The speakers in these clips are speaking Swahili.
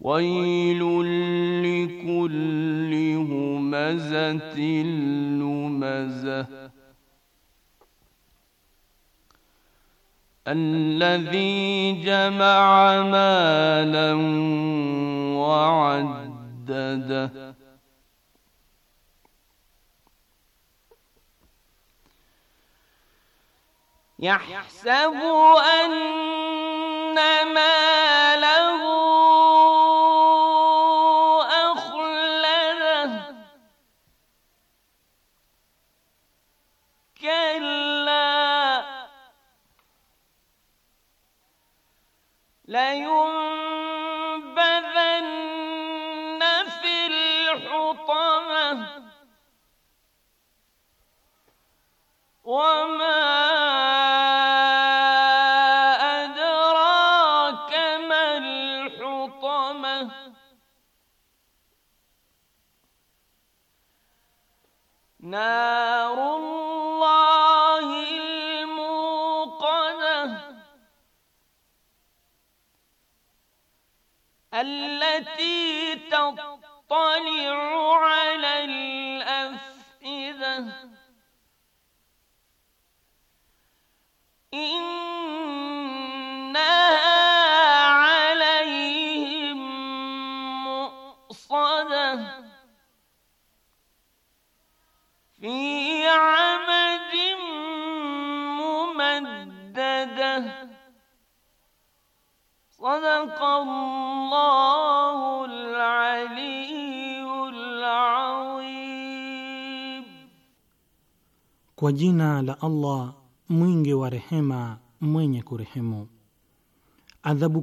ويل لكل همزه لمزه الذي جمع مالا وعدده يحسب أن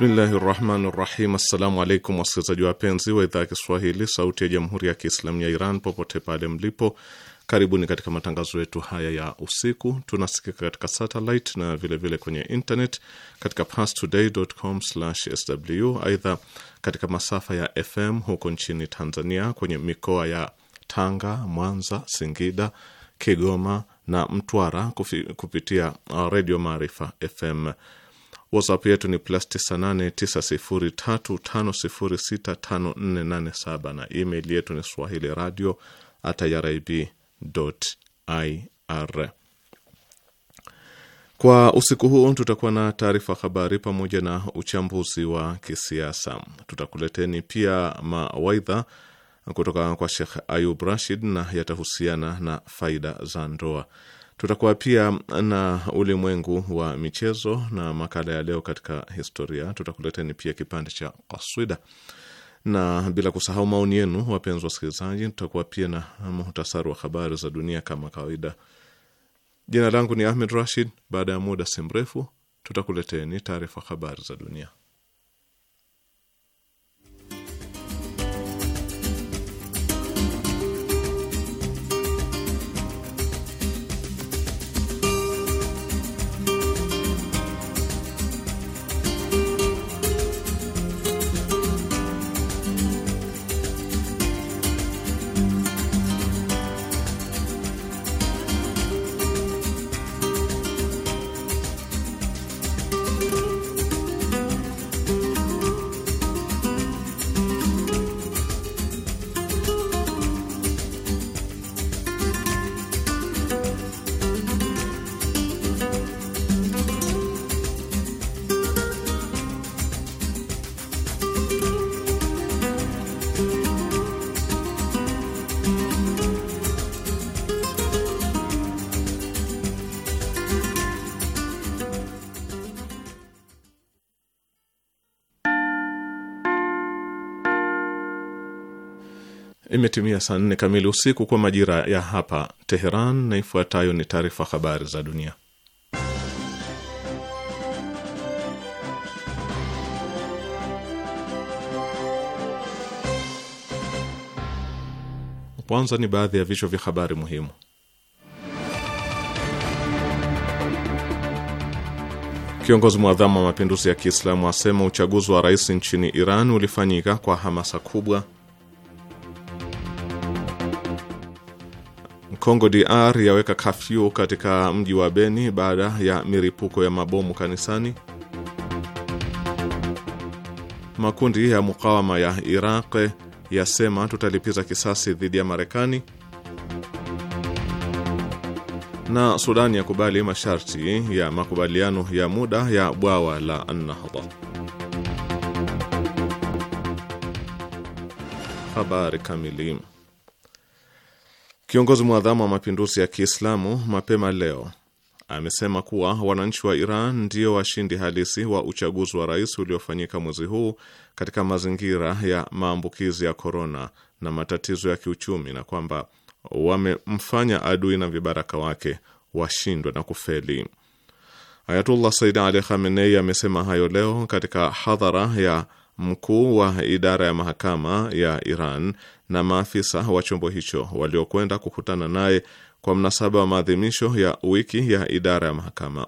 Bismillahi rahmani rahim. Assalamu alaikum wasikilizaji wapenzi wa idhaa ya Kiswahili sauti ya jamhuri ya Kiislamu ya Iran popote pale mlipo, karibuni katika matangazo yetu haya ya usiku. Tunasikika katika satellite na vilevile vile kwenye internet katika pastoday.com/sw. Aidha, katika masafa ya FM huko nchini Tanzania kwenye mikoa ya Tanga, Mwanza, Singida, Kigoma na Mtwara kupitia uh, Redio Maarifa FM. WhatsApp yetu ni plus 989035065487 na email yetu ni swahili radio at irib Kwa usiku huu tutakuwa na taarifa habari pamoja na uchambuzi wa kisiasa. Tutakuleteni pia mawaidha kutoka kwa Shekh Ayub Rashid na yatahusiana na faida za ndoa. Tutakuwa pia na ulimwengu wa michezo na makala ya leo katika historia. Tutakuleteni pia kipande cha kaswida na bila kusahau maoni yenu, wapenzi wasikilizaji. Tutakuwa pia na muhtasari wa habari za dunia kama kawaida. Jina langu ni Ahmed Rashid. Baada ya muda si mrefu, tutakuleteni taarifa habari za dunia. Imetimia saa nne kamili usiku kwa majira ya hapa Teheran, na ifuatayo ni taarifa habari za dunia. Kwanza ni baadhi ya vichwa vya habari muhimu. Kiongozi mwadhamu wa mapinduzi ya Kiislamu asema uchaguzi wa rais nchini Iran ulifanyika kwa hamasa kubwa. Kongo DR yaweka kafyu katika mji wa Beni baada ya miripuko ya mabomu kanisani. Makundi ya mukawama ya Iraq yasema tutalipiza kisasi dhidi ya Marekani. Na Sudani yakubali masharti ya makubaliano ya muda ya bwawa la nahda Habari kamili. Kiongozi mwadhamu wa mapinduzi ya Kiislamu mapema leo amesema kuwa wananchi wa Iran ndio washindi halisi wa uchaguzi wa rais uliofanyika mwezi huu katika mazingira ya maambukizi ya korona na matatizo ya kiuchumi, na kwamba wamemfanya adui na vibaraka wake washindwe na kufeli. Ayatullah Said Ali Khamenei amesema hayo leo katika hadhara ya mkuu wa idara ya mahakama ya Iran na maafisa wa chombo hicho waliokwenda kukutana naye kwa mnasaba wa maadhimisho ya wiki ya idara ya mahakama.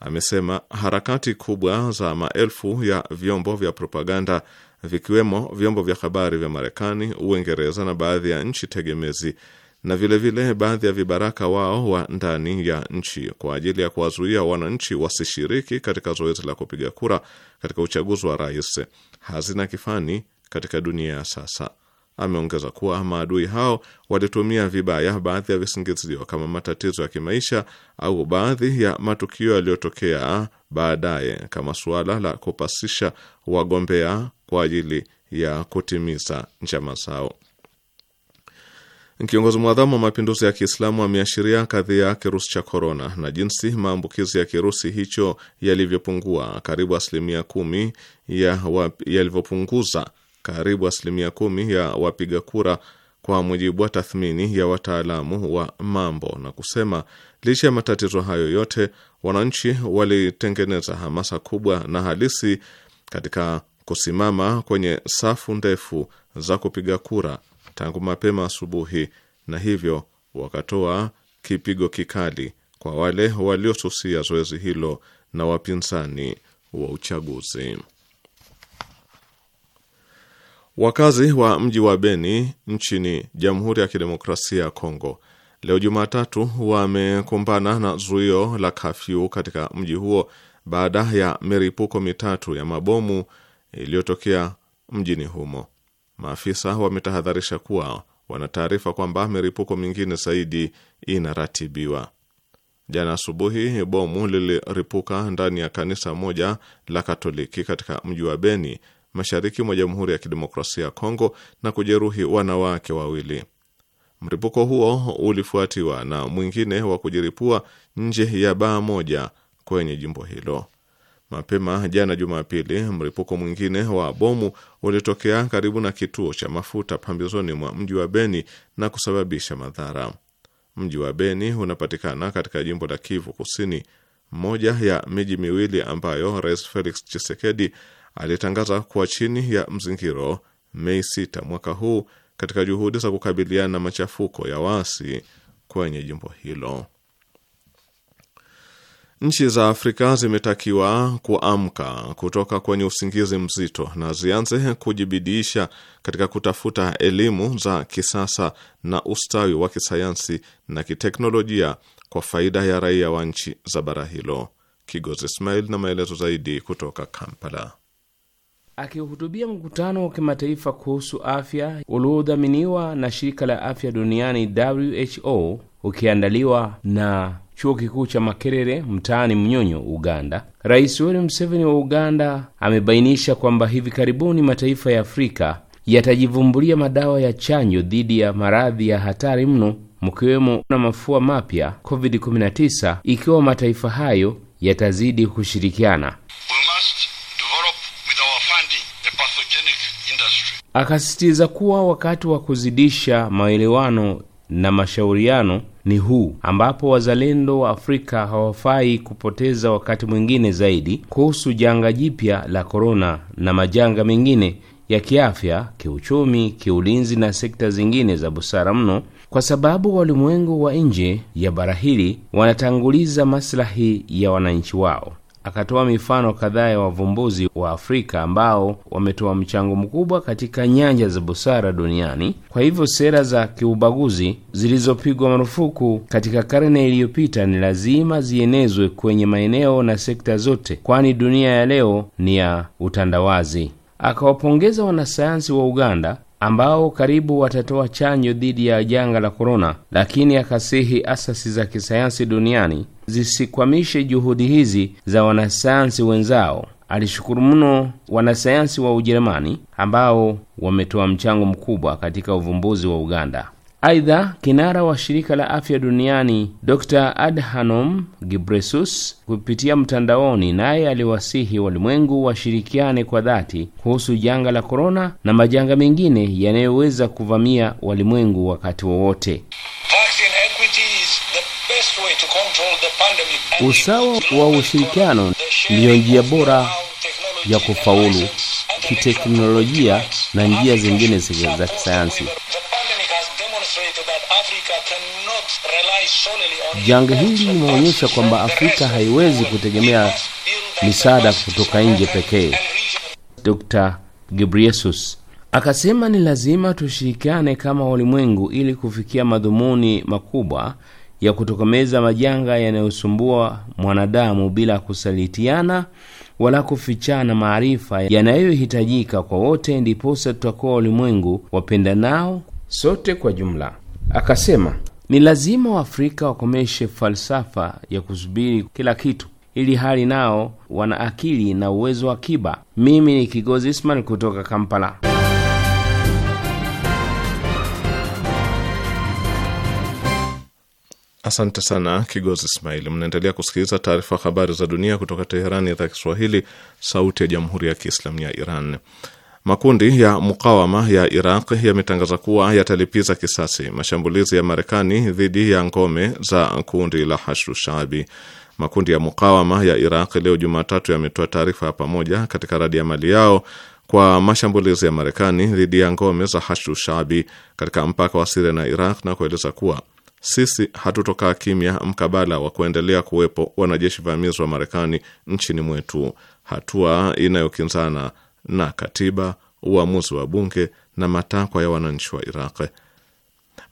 Amesema harakati kubwa za maelfu ya vyombo vya propaganda vikiwemo vyombo vya habari vya Marekani, Uingereza na baadhi ya nchi tegemezi na vilevile vile baadhi ya vibaraka wao wa ndani ya nchi kwa ajili ya kuwazuia wananchi wasishiriki katika zoezi la kupiga kura katika uchaguzi wa rais hazina kifani katika dunia ya sasa. Ameongeza kuwa maadui hao walitumia vibaya baadhi ya visingizio kama matatizo ya kimaisha au baadhi ya matukio yaliyotokea baadaye kama suala la kupasisha wagombea kwa ajili ya kutimiza njama zao. Kiongozi mwadhamu wa mapinduzi ya Kiislamu ameashiria kadhia ya kirusi cha korona na jinsi maambukizi ya kirusi hicho yalivyopungua karibu asilimia kumi ya yalivyopunguza karibu asilimia kumi ya wapiga kura kwa mujibu wa tathmini ya wataalamu wa mambo, na kusema licha ya matatizo hayo yote, wananchi walitengeneza hamasa kubwa na halisi katika kusimama kwenye safu ndefu za kupiga kura tangu mapema asubuhi, na hivyo wakatoa kipigo kikali kwa wale waliosusia zoezi hilo na wapinzani wa uchaguzi. Wakazi wa mji wa Beni nchini Jamhuri ya Kidemokrasia ya Kongo leo Jumatatu wamekumbana na zuio la kafyu katika mji huo baada ya miripuko mitatu ya mabomu iliyotokea mjini humo. Maafisa wametahadharisha kuwa wana taarifa kwamba miripuko mingine zaidi inaratibiwa. Jana asubuhi bomu liliripuka ndani ya kanisa moja la Katoliki katika mji wa Beni, mashariki mwa Jamhuri ya Kidemokrasia ya Kongo na kujeruhi wanawake wawili. Mripuko huo ulifuatiwa na mwingine wa kujiripua nje ya baa moja kwenye jimbo hilo. Mapema jana Jumapili, mlipuko mwingine wa bomu ulitokea karibu na kituo cha mafuta pambizoni mwa mji wa Beni na kusababisha madhara. Mji wa Beni unapatikana katika jimbo la Kivu Kusini, moja ya miji miwili ambayo Rais Felix Tshisekedi alitangaza kuwa chini ya mzingiro Mei 6 mwaka huu katika juhudi za kukabiliana na machafuko ya waasi kwenye jimbo hilo. Nchi za Afrika zimetakiwa kuamka kutoka kwenye usingizi mzito na zianze kujibidiisha katika kutafuta elimu za kisasa na ustawi wa kisayansi na kiteknolojia kwa faida ya raia wa nchi za bara hilo. Kigozi Ismail na maelezo zaidi kutoka Kampala. Akihutubia mkutano wa kimataifa kuhusu afya uliodhaminiwa na shirika la afya duniani WHO ukiandaliwa na chuo kikuu cha Makerere mtaani Mnyonyo, Uganda, Rais Yoweri Museveni wa Uganda amebainisha kwamba hivi karibuni mataifa ya Afrika yatajivumbulia madawa ya chanjo dhidi ya maradhi ya hatari mno mkiwemo na mafua mapya COVID-19 ikiwa mataifa hayo yatazidi kushirikiana. Akasisitiza kuwa wakati wa kuzidisha maelewano na mashauriano ni huu, ambapo wazalendo wa Afrika hawafai kupoteza wakati mwingine zaidi kuhusu janga jipya la korona na majanga mengine ya kiafya, kiuchumi, kiulinzi na sekta zingine za busara mno, kwa sababu walimwengu wa nje ya bara hili wanatanguliza maslahi ya wananchi wao. Akatoa mifano kadhaa ya wavumbuzi wa Afrika ambao wametoa mchango mkubwa katika nyanja za busara duniani. Kwa hivyo sera za kiubaguzi zilizopigwa marufuku katika karne iliyopita ni lazima zienezwe kwenye maeneo na sekta zote, kwani dunia ya leo ni ya utandawazi. Akawapongeza wanasayansi wa Uganda ambao karibu watatoa chanjo dhidi ya janga la korona, lakini akasihi asasi za kisayansi duniani zisikwamishe juhudi hizi za wanasayansi wenzao. Alishukuru mno wanasayansi wa Ujerumani ambao wametoa mchango mkubwa katika uvumbuzi wa Uganda. Aidha, kinara wa shirika la afya duniani Dr Adhanom Ghebreyesus kupitia mtandaoni, naye aliwasihi walimwengu washirikiane kwa dhati kuhusu janga la korona na majanga mengine yanayoweza kuvamia walimwengu wakati wowote. Usawa wa ushirikiano ndiyo njia bora ya kufaulu kiteknolojia na njia zingine za kisayansi. Janga hili limeonyesha kwamba Afrika haiwezi kutegemea misaada kutoka nje pekee. Dr. Ghebreyesus akasema ni lazima tushirikiane kama ulimwengu ili kufikia madhumuni makubwa ya kutokomeza majanga yanayosumbua mwanadamu bila kusalitiana wala kufichana maarifa yanayohitajika kwa wote, ndiposa tutakuwa ulimwengu nao sote kwa jumla, akasema. Ni lazima Waafrika wakomeshe falsafa ya kusubiri kila kitu, ili hali nao wana akili na uwezo wa kiba. Mimi ni Kigozi Ismail kutoka Kampala. Asante sana Kigozi Ismaili. Mnaendelea kusikiliza taarifa habari za dunia kutoka Teherani, idhaa Kiswahili, sauti ya jamhuri ya kiislamu ya Iran. Makundi ya mukawama ya Iraq yametangaza kuwa yatalipiza kisasi mashambulizi ya Marekani dhidi ya ngome za kundi la Hashdu Shaabi. Makundi ya mukawama ya Iraq leo Jumatatu yametoa taarifa ya pamoja katika radi ya mali yao kwa mashambulizi ya Marekani dhidi ya ngome za Hashdu Shaabi katika mpaka wa Siria na Iraq na kueleza kuwa sisi hatutokaa kimya mkabala wa kuendelea kuwepo wanajeshi vamizi wa Marekani nchini mwetu, hatua inayokinzana na katiba, uamuzi wa bunge na matakwa ya wananchi wa Iraq.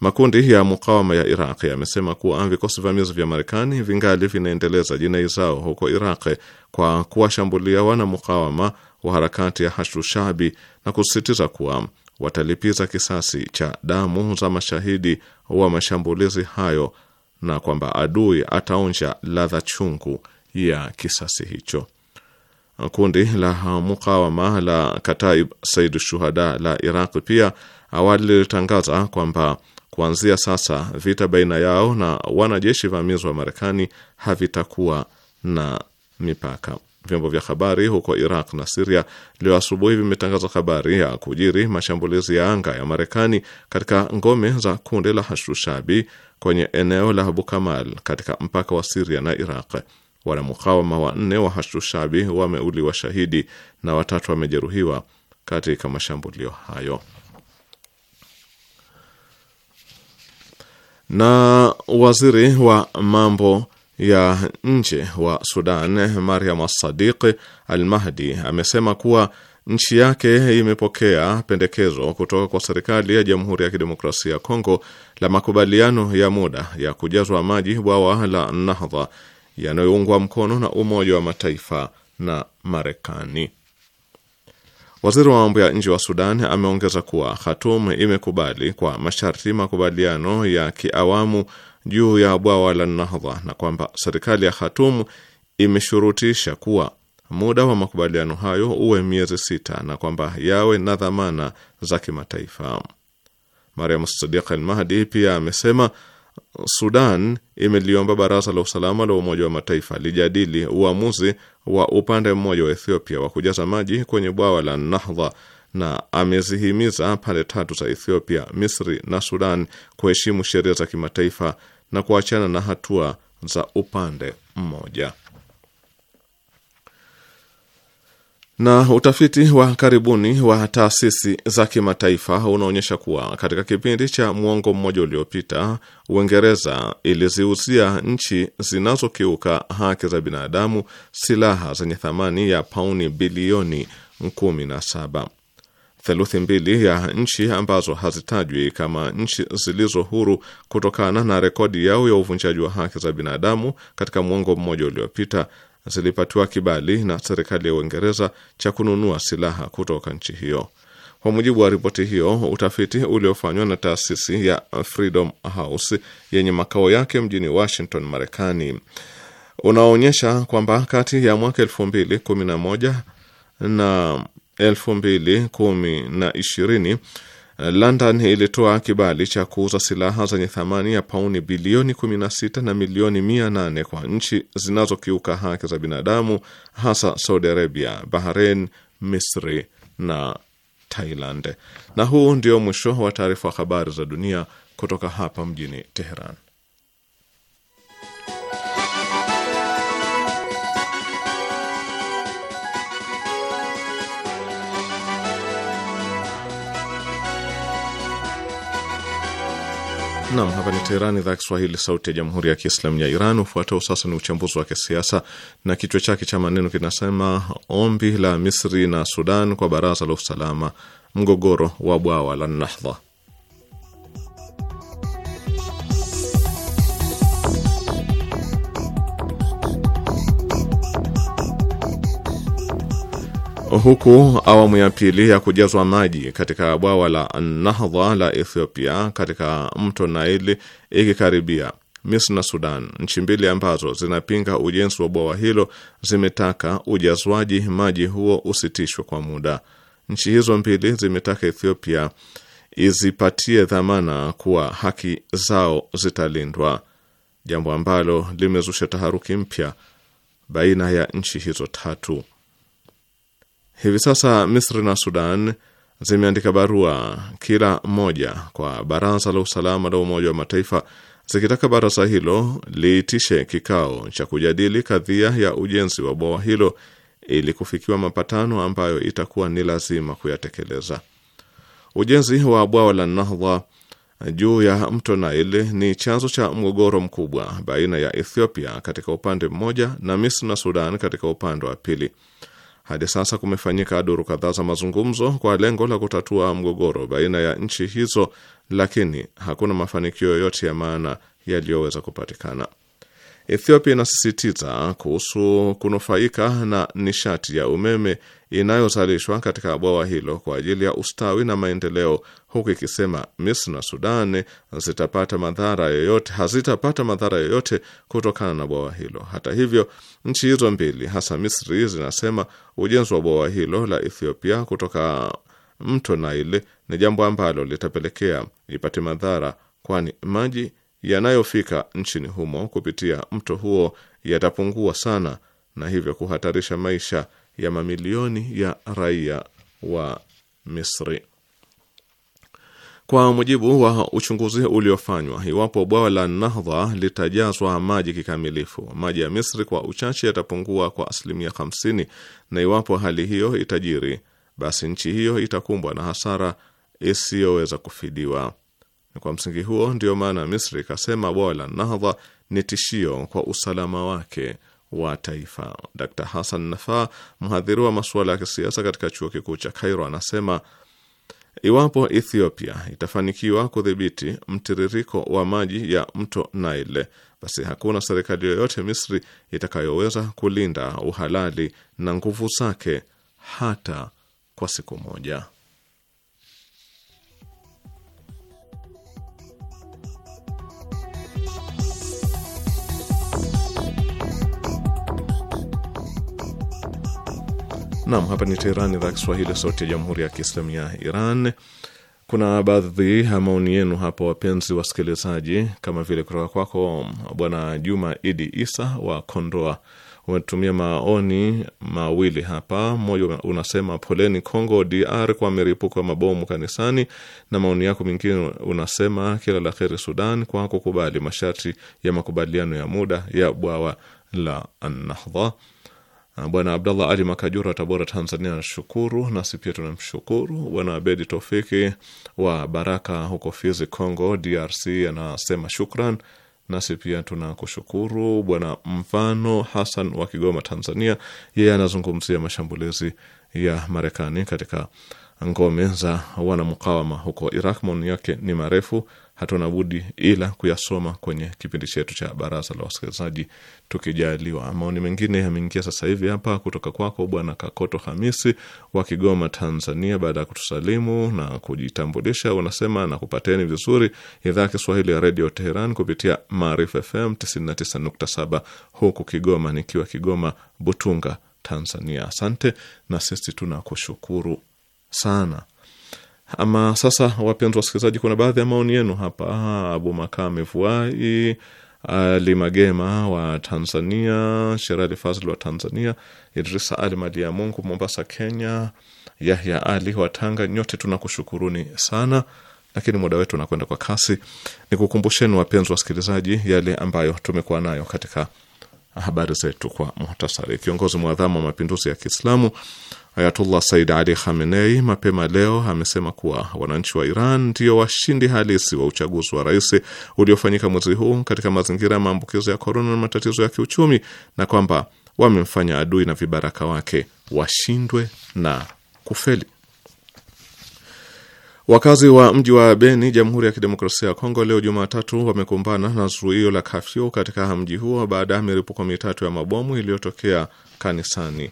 Makundi ya mukawama ya Iraq yamesema kuwa vikosi vamizi vya Marekani vingali vinaendeleza jinai zao huko Iraq kwa kuwashambulia wana mukawama wa harakati ya Hashdu Shabi na kusisitiza kuwa watalipiza kisasi cha damu za mashahidi wa mashambulizi hayo na kwamba adui ataonja ladha chungu ya kisasi hicho. Kundi la mukawama la Kataib Said Shuhada la Iraq pia awali lilitangaza kwamba kuanzia sasa vita baina yao na wanajeshi vamizi wa Marekani havitakuwa na mipaka. Vyombo vya habari huko Iraq na Siria leo asubuhi vimetangaza habari ya kujiri mashambulizi ya anga ya Marekani katika ngome za kundi la Hashdu kwenye eneo la Bukamal katika mpaka wa Siria na Iraq wanamukawama wanne wa Hashdushabi wameuliwa shahidi na watatu wamejeruhiwa katika mashambulio hayo. Na waziri wa mambo ya nje wa Sudan Mariam Assadiq Al Mahdi amesema kuwa nchi yake imepokea pendekezo kutoka kwa serikali ya Jamhuri ya Kidemokrasia ya Kongo la makubaliano ya muda ya kujazwa maji bwawa la Nahdha yanayoungwa mkono na Umoja wa Mataifa na Marekani. Waziri wa mambo ya nje wa Sudan ameongeza kuwa Khartoum imekubali kwa masharti makubaliano ya kiawamu juu ya bwawa la Nahdha na kwamba serikali ya Khartoum imeshurutisha kuwa muda wa makubaliano hayo uwe miezi sita na kwamba yawe na dhamana za kimataifa. Mariam Sadiq Al Mahdi pia amesema Sudan imeliomba Baraza la Usalama la Umoja wa Mataifa lijadili uamuzi wa upande mmoja wa Ethiopia wa kujaza maji kwenye bwawa la Nahdha na amezihimiza pande tatu za Ethiopia, Misri na Sudan kuheshimu sheria za kimataifa na kuachana na hatua za upande mmoja. Na utafiti wa karibuni wa taasisi za kimataifa unaonyesha kuwa katika kipindi cha mwongo mmoja uliopita, Uingereza iliziuzia nchi zinazokiuka haki za binadamu silaha zenye thamani ya pauni bilioni 17. Theluthi mbili ya nchi ambazo hazitajwi kama nchi zilizo huru kutokana na rekodi yao ya uvunjaji wa haki za binadamu katika mwongo mmoja uliopita zilipatiwa kibali na serikali ya Uingereza cha kununua silaha kutoka nchi hiyo. Kwa mujibu wa ripoti hiyo, utafiti uliofanywa na taasisi ya Freedom House yenye makao yake mjini Washington, Marekani unaonyesha kwamba kati ya mwaka elfu mbili kumi na moja na elfu mbili kumi na ishirini London ilitoa kibali cha kuuza silaha zenye thamani ya pauni bilioni 16 na milioni 800 kwa nchi zinazokiuka haki za binadamu hasa Saudi Arabia, Bahrain, Misri na Thailand. Na huu ndio mwisho wa taarifa habari za dunia kutoka hapa mjini Teheran. Nam, hapa ni Teherani, idhaa Kiswahili, sauti ya jamhuri ya kiislamu ya Iran. Ufuatao sasa ni uchambuzi wa kisiasa na kichwa chake cha maneno kinasema: ombi la Misri na Sudan kwa baraza la usalama, mgogoro wa bwawa la Nahdha. huku awamu ya pili ya kujazwa maji katika bwawa la Nahdha la Ethiopia katika mto Naili ikikaribia, Misri na Sudan, nchi mbili ambazo zinapinga ujenzi wa bwawa hilo, zimetaka ujazwaji maji huo usitishwe kwa muda. Nchi hizo mbili zimetaka Ethiopia izipatie dhamana kuwa haki zao zitalindwa, jambo ambalo limezusha taharuki mpya baina ya nchi hizo tatu. Hivi sasa Misri na Sudan zimeandika barua kila moja kwa Baraza la Usalama la Umoja wa Mataifa zikitaka baraza hilo liitishe kikao cha kujadili kadhia ya ujenzi wa bwawa hilo ili kufikiwa mapatano ambayo itakuwa ni lazima kuyatekeleza. Ujenzi wa bwawa la Nahdha juu ya mto Nile ni chanzo cha mgogoro mkubwa baina ya Ethiopia katika upande mmoja na Misri na Sudan katika upande wa pili. Hadi sasa kumefanyika duru kadhaa za mazungumzo kwa lengo la kutatua mgogoro baina ya nchi hizo, lakini hakuna mafanikio yoyote ya maana yaliyoweza kupatikana. Ethiopia inasisitiza kuhusu kunufaika na nishati ya umeme inayozalishwa katika bwawa hilo kwa ajili ya ustawi na maendeleo huku ikisema Misri na Sudan zitapata madhara yoyote, hazitapata madhara yoyote kutokana na bwawa hilo. Hata hivyo, nchi hizo mbili hasa Misri zinasema ujenzi wa bwawa hilo la Ethiopia kutoka mto Nile ni jambo ambalo litapelekea ipate madhara, kwani maji yanayofika nchini humo kupitia mto huo yatapungua sana na hivyo kuhatarisha maisha ya mamilioni ya raia wa Misri. Kwa mujibu wa uchunguzi uliofanywa, iwapo bwawa la Nahdha litajazwa maji kikamilifu, maji ya Misri kwa uchache yatapungua kwa asilimia 50, na iwapo hali hiyo itajiri, basi nchi hiyo itakumbwa na hasara isiyoweza kufidiwa. Kwa msingi huo, ndiyo maana Misri ikasema bwawa la Nahdha ni tishio kwa usalama wake wa taifa. Dr Hassan Nafa, mhadhiri wa masuala ya kisiasa katika chuo kikuu cha Kairo, anasema Iwapo Ethiopia itafanikiwa kudhibiti mtiririko wa maji ya mto Nile, basi hakuna serikali yoyote Misri itakayoweza kulinda uhalali na nguvu zake hata kwa siku moja. Naam, hapa ni Teherani, idhaa Kiswahili, sauti ya jamhuri ya kiislamu ya Iran. Kuna baadhi ya maoni yenu hapa, wapenzi wasikilizaji, kama vile kutoka kwako Bwana Juma Idi Isa wa Kondoa. Umetumia maoni mawili hapa. Mmoja unasema poleni Congo DR kwa miripuko ya mabomu kanisani, na maoni yako mingine unasema kila la heri Sudan kwa kukubali masharti ya makubaliano ya muda ya bwawa la Nahdha. Ah, Bwana Abdallah Ali Makajura wa Tabora, Tanzania, anashukuru. Nasi pia tunamshukuru. Bwana Abedi Tofiki wa Baraka huko Fizi, Congo DRC, anasema shukran. Nasi pia tunakushukuru. Bwana Mfano Hassan wa Kigoma, Tanzania, yeye anazungumzia mashambulizi ya Marekani katika ngome za wanamkawama huko Iraq. Maoni yake ni marefu hatuna budi ila kuyasoma kwenye kipindi chetu cha baraza la wasikilizaji tukijaliwa. Maoni mengine yameingia sasa hivi hapa kutoka kwako Bwana Kakoto Hamisi wa Kigoma, Tanzania. Baada ya kutusalimu na kujitambulisha, unasema nakupateni vizuri idhaa ya Kiswahili ya Redio Teheran kupitia Maarifa FM 99.7 huku Kigoma, nikiwa Kigoma Butunga, Tanzania. Asante na sisi tunakushukuru sana. Ama sasa, wapenzi wasikilizaji, kuna baadhi ya maoni yenu hapa. Ah, Abu Makaa Mevuai, Ali Magema wa Tanzania, Sherali Fazl wa Tanzania, Idrisa Ali Mali ya Mungu Mombasa, Kenya, Yahya Ali wa Tanga, nyote tunakushukuruni sana, lakini muda wetu unakwenda kwa kasi. kukumbusheni wapenzi wasikilizaji, yale ambayo tumekuwa nayo katika habari zetu kwa muhtasari. Kiongozi mwadhamu wa mapinduzi ya Kiislamu Ayatullah Said Ali Khamenei mapema leo amesema kuwa wananchi wa Iran ndio washindi halisi wa uchaguzi wa rais uliofanyika mwezi huu katika mazingira ya maambukizo ya korona na matatizo ya kiuchumi, na kwamba wamemfanya adui na vibaraka wake washindwe na kufeli. Wakazi wa mji wa Beni, Jamhuri ya Kidemokrasia ya Kongo, leo Jumatatu wamekumbana na zuio la kafyu katika mji huo baada ya milipuko mitatu ya mabomu iliyotokea kanisani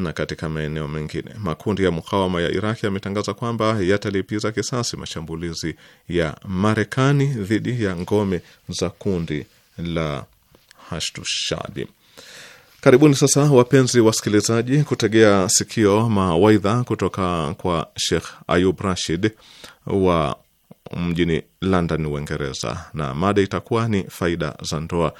na katika maeneo mengine. Makundi ya mukawama ya Iraq yametangaza kwamba yatalipiza kisasi mashambulizi ya Marekani dhidi ya ngome za kundi la Hashdushaabi. Karibuni sasa wapenzi wasikilizaji, kutegea sikio mawaidha kutoka kwa Sheikh Ayub Rashid wa mjini London, Uingereza, na mada itakuwa ni faida za ndoa.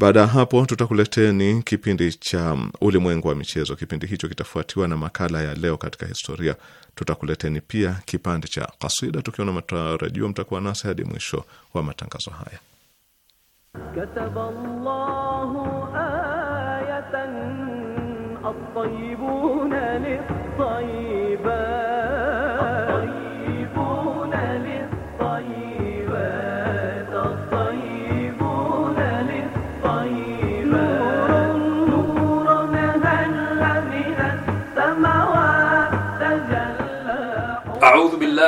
Baada ya hapo, tutakuleteni kipindi cha ulimwengu wa michezo. Kipindi hicho kitafuatiwa na makala ya leo katika historia. Tutakuleteni pia kipande cha kasida, tukiwa na matarajio mtakuwa nasi hadi mwisho wa matangazo haya. Kataballahu ayatan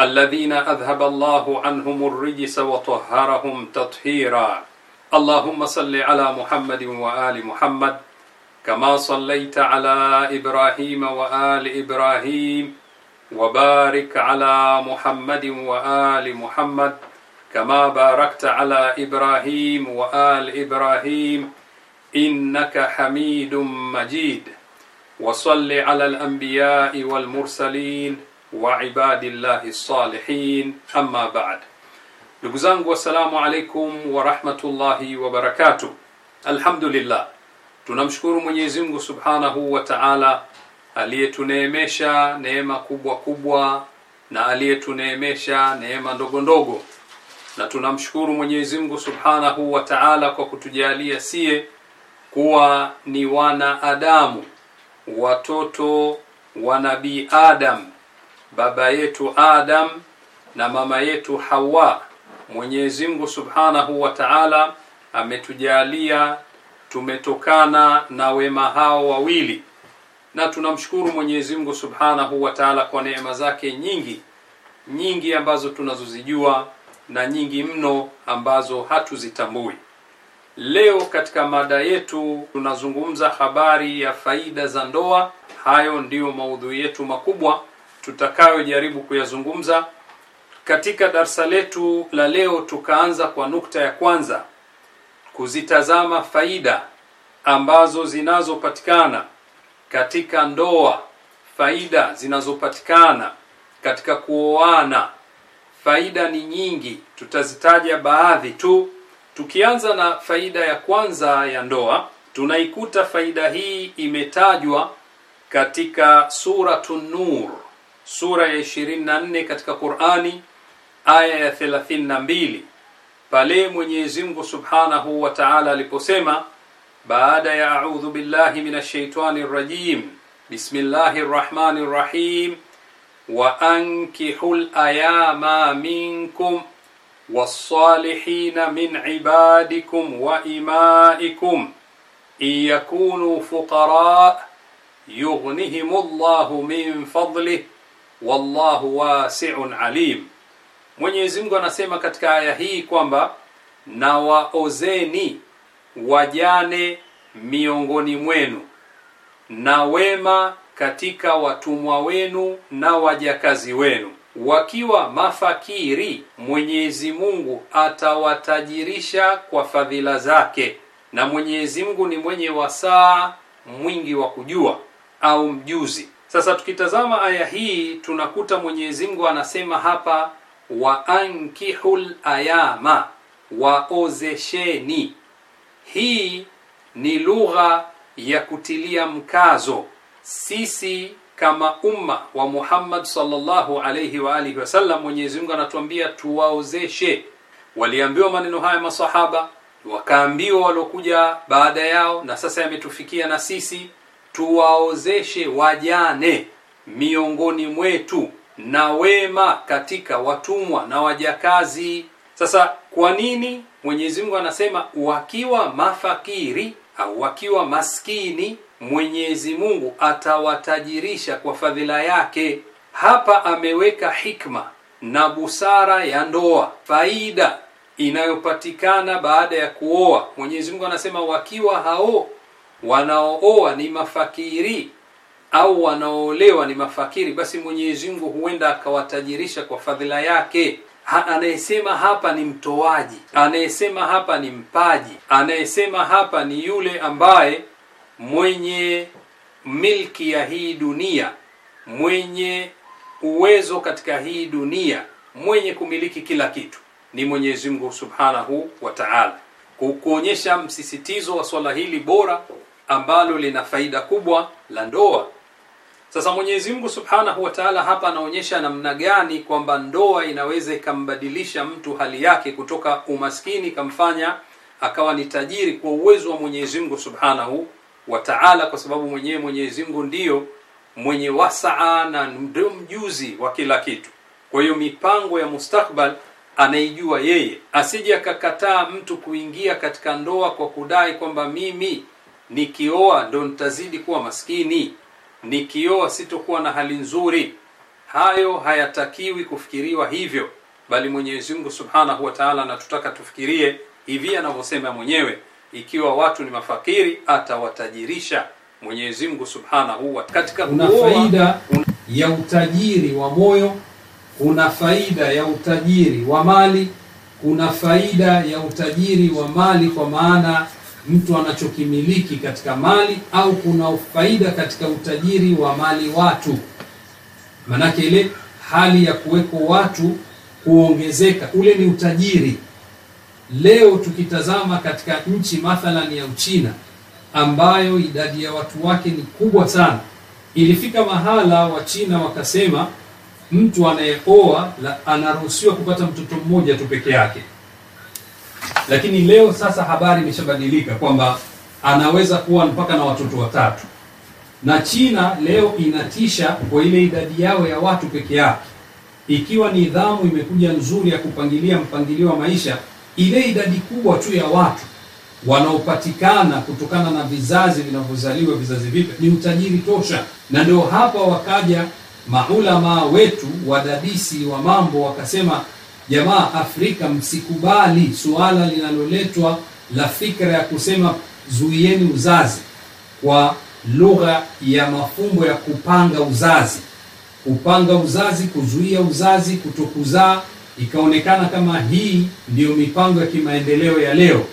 الذين أذهب الله عنهم الرجس وطهرهم تطهيرا اللهم صل على محمد وآل محمد كما صليت على إبراهيم وآل إبراهيم وبارك على محمد وآل محمد كما باركت على إبراهيم وآل إبراهيم إنك حميد مجيد وصل على الأنبياء والمرسلين wa ibadillahi salihin amma ba'd ndugu zangu wassalamu alaikum warahmatullahi wabarakatuh alhamdulillah tunamshukuru mwenyezimngu subhanahu wa ta'ala aliyetuneemesha neema kubwa kubwa na aliyetuneemesha neema ndogo ndogo na tunamshukuru mwenyezimngu subhanahu wa ta'ala kwa kutujalia sie kuwa ni wanaadamu watoto wa nabii Adam baba yetu Adam na mama yetu Hawa. Mwenyezi Mungu Subhanahu wa Ta'ala ametujalia tumetokana na wema hao wawili, na tunamshukuru Mwenyezi Mungu Subhanahu wa Ta'ala kwa neema zake nyingi nyingi ambazo tunazozijua na nyingi mno ambazo hatuzitambui. Leo katika mada yetu tunazungumza habari ya faida za ndoa. Hayo ndiyo maudhui yetu makubwa tutakayojaribu kuyazungumza katika darsa letu la leo. Tukaanza kwa nukta ya kwanza, kuzitazama faida ambazo zinazopatikana katika ndoa, faida zinazopatikana katika kuoana. Faida ni nyingi, tutazitaja baadhi tu. Tukianza na faida ya kwanza ya ndoa, tunaikuta faida hii imetajwa katika Suratu Nur sura ya 24 katika Qur'ani aya ya 32 pale Mwenyezi Mungu Subhanahu wa Ta'ala aliposema baada ya a'udhu billahi minash shaitani rrajim bismillahir rahmanir rahim wa ankihul ayama minkum والصالحين من عبادكم وإمائكم إن يكونوا فقراء يغنهم الله من فضله wallahu wasi'un alim Mwenyezi Mungu anasema katika aya hii kwamba na waozeni wajane miongoni mwenu na wema katika watumwa wenu na wajakazi wenu wakiwa mafakiri Mwenyezi Mungu atawatajirisha kwa fadhila zake na Mwenyezi Mungu ni mwenye wasaa mwingi wa kujua au mjuzi sasa tukitazama aya hii tunakuta Mwenyezi Mungu anasema hapa wa ankihul ayama, waozesheni. Hii ni lugha ya kutilia mkazo. Sisi kama umma wa Muhammad sallallahu alayhi wa alihi wasallam, Mwenyezi Mungu anatuambia tuwaozeshe. Waliambiwa maneno haya masahaba, wakaambiwa waliokuja baada yao, na sasa yametufikia na sisi tuwaozeshe wajane miongoni mwetu na wema katika watumwa na wajakazi. Sasa kwa nini Mwenyezi Mungu anasema wakiwa mafakiri au wakiwa maskini Mwenyezi Mungu atawatajirisha kwa fadhila yake? Hapa ameweka hikma na busara ya ndoa, faida inayopatikana baada ya kuoa. Mwenyezi Mungu anasema wakiwa hao wanaooa ni mafakiri au wanaoolewa ni mafakiri, basi Mwenyezi Mungu huenda akawatajirisha kwa fadhila yake. Ha, anayesema hapa ni mtoaji, anayesema hapa ni mpaji, anayesema hapa ni yule ambaye mwenye milki ya hii dunia, mwenye uwezo katika hii dunia, mwenye kumiliki kila kitu ni Mwenyezi Mungu Subhanahu wa Ta'ala, kuonyesha msisitizo wa swala hili bora ambalo lina faida kubwa la ndoa sasa Mwenyezi Mungu Subhanahu wa Ta'ala hapa anaonyesha namna gani kwamba ndoa inaweza ikambadilisha mtu hali yake kutoka umaskini kamfanya akawa ni tajiri kwa uwezo wa Mwenyezi Mungu Subhanahu wa Ta'ala kwa sababu mwenyewe Mwenyezi Mungu ndiyo mwenye wasaa na ndio mjuzi wa kila kitu. Kwa hiyo mipango ya mustakbal anaijua yeye, asije akakataa mtu kuingia katika ndoa kwa kudai kwamba mimi nikioa ndo nitazidi kuwa maskini nikioa sitokuwa na hali nzuri hayo hayatakiwi kufikiriwa hivyo bali Mwenyezi Mungu Subhanahu wa Ta'ala anatutaka tufikirie hivi anavyosema mwenyewe ikiwa watu ni mafakiri atawatajirisha Mwenyezi Mungu Subhanahu wa katika kuna faida un... ya utajiri wa moyo kuna faida ya utajiri wa mali kuna faida ya utajiri wa mali kwa maana mtu anachokimiliki katika mali au kuna faida katika utajiri wa mali watu. Manake ile hali ya kuweko watu kuongezeka, ule ni utajiri. Leo tukitazama katika nchi mathalan ya Uchina ambayo idadi ya watu wake ni kubwa sana, ilifika mahala Wachina wakasema mtu anayeoa anaruhusiwa kupata mtoto mmoja tu peke yake. Lakini leo sasa habari imeshabadilika kwamba anaweza kuwa mpaka na watoto watatu, na China leo inatisha kwa ile idadi yao ya watu peke yake. Ikiwa nidhamu imekuja nzuri ya kupangilia mpangilio wa maisha, ile idadi kubwa tu ya watu wanaopatikana kutokana na vizazi vinavyozaliwa, vizazi vipya, ni utajiri tosha. Na ndio hapa wakaja maulamaa wetu wadadisi wa mambo wakasema Jamaa Afrika, msikubali suala linaloletwa la fikra ya kusema zuieni uzazi kwa lugha ya mafumbo ya kupanga uzazi, kupanga uzazi, kuzuia uzazi, kutokuzaa, ikaonekana kama hii ndiyo mipango ya kimaendeleo ya leo,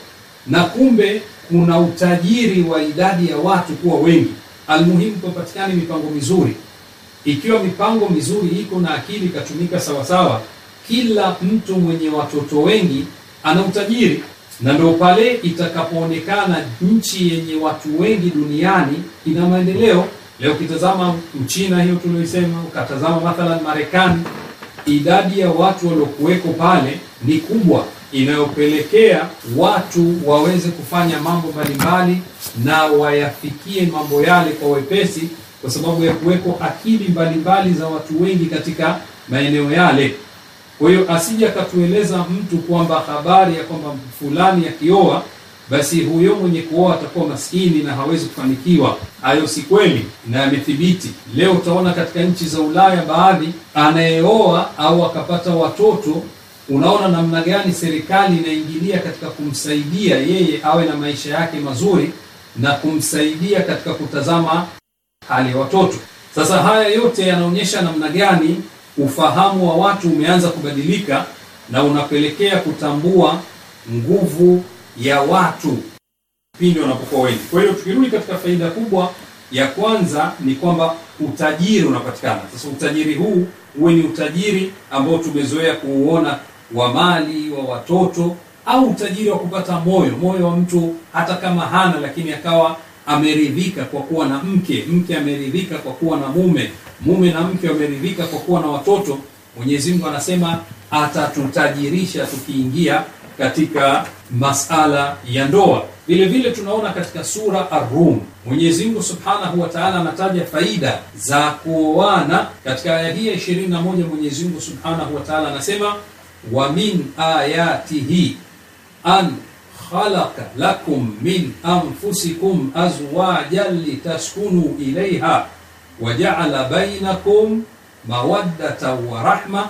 na kumbe kuna utajiri wa idadi ya watu kuwa wengi. Almuhimu kupatikana mipango mizuri. Ikiwa mipango mizuri iko na akili ikatumika sawasawa kila mtu mwenye watoto wengi ana utajiri, na ndio pale itakapoonekana nchi yenye watu wengi duniani ina maendeleo. Leo ukitazama Uchina hiyo tulioisema, ukatazama mathalan Marekani, idadi ya watu waliokuweko pale ni kubwa inayopelekea watu waweze kufanya mambo mbalimbali na wayafikie mambo yale kwa wepesi, kwa sababu ya kuweko akili mbalimbali za watu wengi katika maeneo yale. Kwa hiyo asija akatueleza mtu kwamba habari ya kwamba fulani akioa basi huyo mwenye kuoa atakuwa maskini na hawezi kufanikiwa. Hayo si kweli na yamethibiti. Leo utaona katika nchi za Ulaya baadhi, anayeoa au akapata watoto, unaona namna gani serikali inaingilia katika kumsaidia yeye awe na maisha yake mazuri na kumsaidia katika kutazama hali ya watoto. Sasa haya yote yanaonyesha namna gani ufahamu wa watu umeanza kubadilika na unapelekea kutambua nguvu ya watu pindi wanapokuwa wengi. Kwa hiyo tukirudi katika faida kubwa ya kwanza ni kwamba utajiri unapatikana. Sasa utajiri huu uwe ni utajiri ambao tumezoea kuuona wa mali, wa watoto au utajiri wa kupata moyo, moyo wa mtu hata kama hana, lakini akawa ameridhika kwa kuwa na mke, mke ameridhika kwa kuwa na mume mume na mke wameridhika kwa kuwa na watoto, Mwenyezi Mungu anasema atatutajirisha tukiingia katika masala ya ndoa. Vile vile tunaona katika sura Ar-Rum, Mwenyezi Mungu Subhanahu wa Ta'ala anataja faida za kuoana. Katika aya hii ya 21 Mwenyezi Mungu Subhanahu wa Ta'ala anasema wa min ayatihi an khalaqa lakum min anfusikum azwajan litaskunu ilaiha wajaala bainakum mawaddatan wa rahma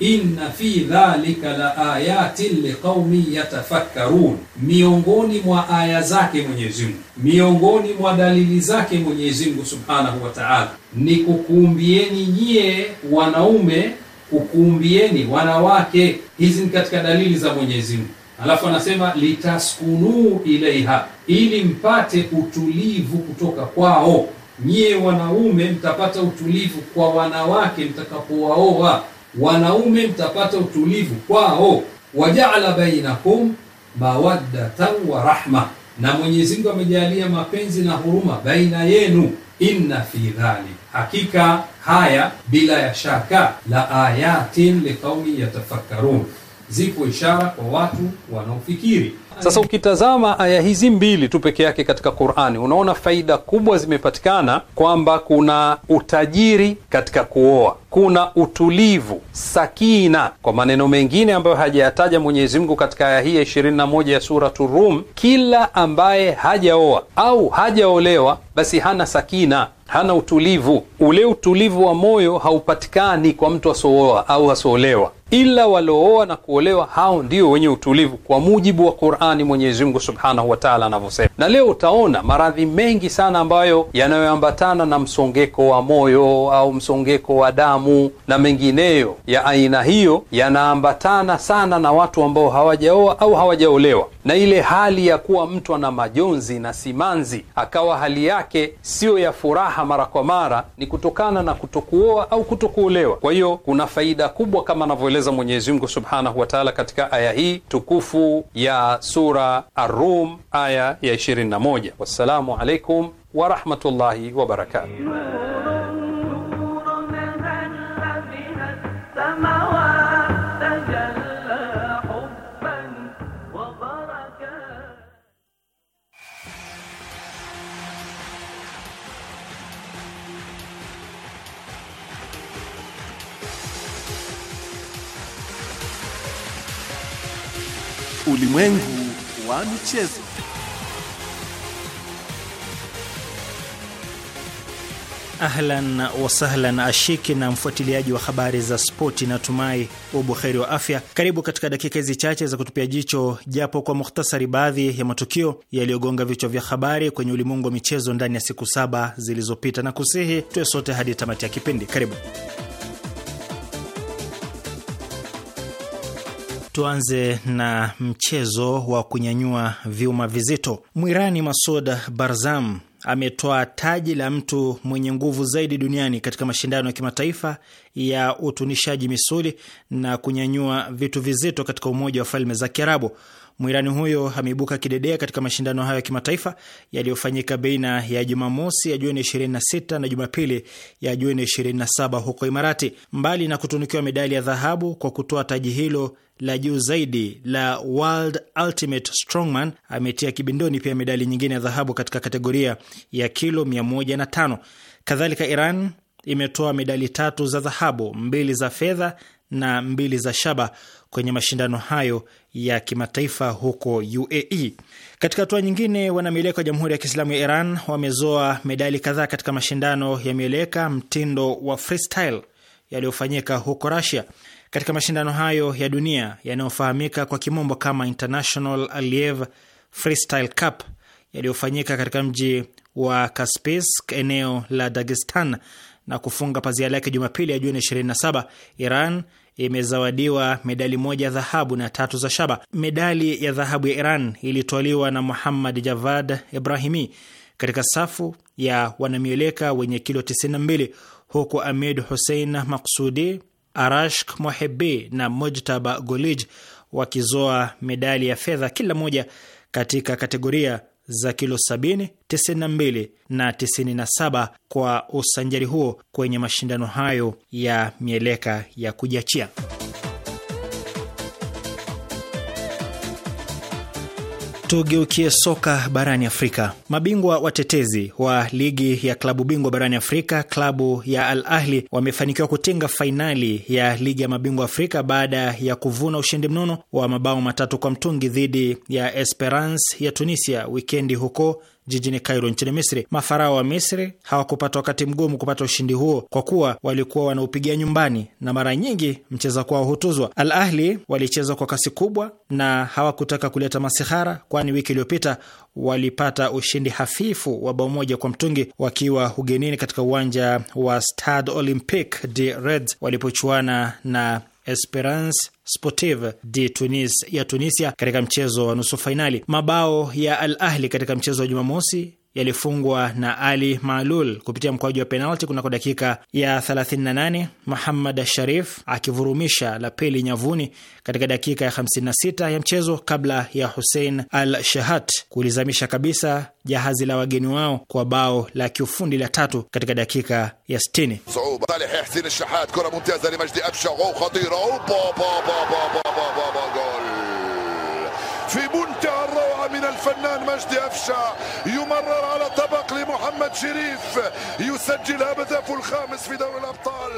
inna fi dhalika la ayatin liqaumin yatafakkarun, miongoni mwa aya zake Mwenyezi Mungu, miongoni mwa dalili zake Mwenyezi Mungu Subhanahu wa Ta'ala ni kukuumbieni nyie wanaume, kukuumbieni wanawake. Hizi ni katika dalili za Mwenyezi Mungu. Alafu anasema litaskunu ilaiha, ili mpate utulivu kutoka kwao nyie wanaume mtapata utulivu kwa wanawake mtakapowaoa, wanaume mtapata utulivu kwao. Wajaala bainakum mawaddatan wa rahma, na Mwenyezi Mungu amejalia mapenzi na huruma baina yenu. Inna fi dhalik, hakika haya bila ya shaka, la ayatin liqaumin yatafakkarun, zipo ishara kwa watu wanaofikiri. Sasa ukitazama aya hizi mbili tu peke yake katika Qur'ani, unaona faida kubwa zimepatikana kwamba kuna utajiri katika kuoa, kuna utulivu, sakina. Kwa maneno mengine ambayo hajayataja Mwenyezi Mungu katika aya hii ya 21 ya suratu Rum, kila ambaye hajaoa au hajaolewa basi hana sakina hana utulivu. Ule utulivu wa moyo haupatikani kwa mtu asooa au asoolewa, ila waliooa na kuolewa, hao ndio wenye utulivu kwa mujibu wa Qur'ani, Mwenyezi Mungu Subhanahu wa Ta'ala anavyosema. Na leo utaona maradhi mengi sana ambayo yanayoambatana na msongeko wa moyo au msongeko wa damu na mengineyo ya aina hiyo, yanaambatana sana na watu ambao hawajaoa au hawajaolewa, na ile hali ya kuwa mtu ana majonzi na simanzi, akawa hali yake siyo ya furaha msamaha mara kwa mara ni kutokana na kutokuoa au kutokuolewa. Kwa hiyo kuna faida kubwa kama anavyoeleza Mwenyezi Mungu subhanahu wa taala katika aya hii tukufu ya sura Arum rum aya ya 21. Wassalamu alaikum warahmatullahi wabarakatuh. Ulimwengu wa michezo. Ahlan wasahlan ashiki na mfuatiliaji wa habari za spoti, natumai ubuheri wa afya. Karibu katika dakika hizi chache za kutupia jicho japo kwa muhtasari baadhi ya matukio yaliyogonga vichwa vya habari kwenye ulimwengu wa michezo ndani ya siku saba zilizopita, na kusihi tuwe sote hadi tamati ya kipindi. Karibu. Tuanze na mchezo wa kunyanyua vyuma vizito. Mwirani Masud Barzam ametoa taji la mtu mwenye nguvu zaidi duniani katika mashindano ya kimataifa ya utunishaji misuli na kunyanyua vitu vizito katika Umoja wa Falme za Kiarabu. Mwirani huyo ameibuka kidedea katika mashindano hayo ya kimataifa yaliyofanyika baina ya Jumamosi ya Juni 26 na Jumapili ya Juni 27 huko Imarati. Mbali na kutunukiwa medali ya dhahabu kwa kutoa taji hilo la juu zaidi la World Ultimate Strongman, ametia kibindoni pia medali nyingine ya dhahabu katika kategoria ya kilo 105. Kadhalika, Iran imetoa medali tatu za dhahabu, mbili za fedha na mbili za shaba kwenye mashindano hayo ya kimataifa huko UAE. Katika hatua nyingine, wanamieleka wa Jamhuri ya Kiislamu ya Iran wamezoa medali kadhaa katika mashindano ya mieleka mtindo wa freestyle yaliyofanyika huko Russia. Katika mashindano hayo ya dunia yanayofahamika kwa kimombo kama International Aliev Freestyle Cup yaliyofanyika katika mji wa Kaspisk, eneo la Dagestan, na kufunga pazia lake Jumapili ya Juni 27, Iran imezawadiwa medali moja ya dhahabu na tatu za shaba. Medali ya dhahabu ya Iran ilitwaliwa na Muhammad Javad Ibrahimi katika safu ya wanamieleka wenye kilo 92 huku Amid Hussein Maksudi, Arashk Mohebi na Mojtaba Golij wakizoa medali ya fedha kila moja katika kategoria za kilo 70, 92 na 97 kwa usanjari huo kwenye mashindano hayo ya mieleka ya kujiachia. Tugeukie soka barani Afrika. Mabingwa watetezi wa ligi ya klabu bingwa barani Afrika, klabu ya Al Ahli wamefanikiwa kutinga fainali ya ligi ya mabingwa Afrika baada ya kuvuna ushindi mnono wa mabao matatu kwa mtungi dhidi ya Esperance ya Tunisia wikendi huko jijini Cairo nchini Misri. Mafarao wa Misri hawakupata wakati mgumu kupata ushindi huo kwa kuwa walikuwa wanaupigia nyumbani na mara nyingi mcheza kwao hutuzwa. Al Ahli walicheza kwa kasi kubwa na hawakutaka kuleta masihara, kwani wiki iliyopita walipata ushindi hafifu wa bao moja kwa mtungi wakiwa ugenini katika uwanja wa Stade Olympique de Red walipochuana na Esperance Sportive de Tunis ya Tunisia katika mchezo wa nusu fainali. Mabao ya Al Ahli katika mchezo wa Jumamosi yalifungwa na Ali Malul kupitia mkwaju wa penalti kunako dakika ya 38, Muhammad Sharif akivurumisha la pili nyavuni katika dakika ya 56 ya mchezo kabla ya Hussein Al Shahat kulizamisha kabisa jahazi la wageni wao kwa bao la kiufundi la tatu katika dakika ya 60. الفنان مجدي أفشا يمرر على طبق لمحمد شريف يسجل هدفه الخامس في دوري الأبطال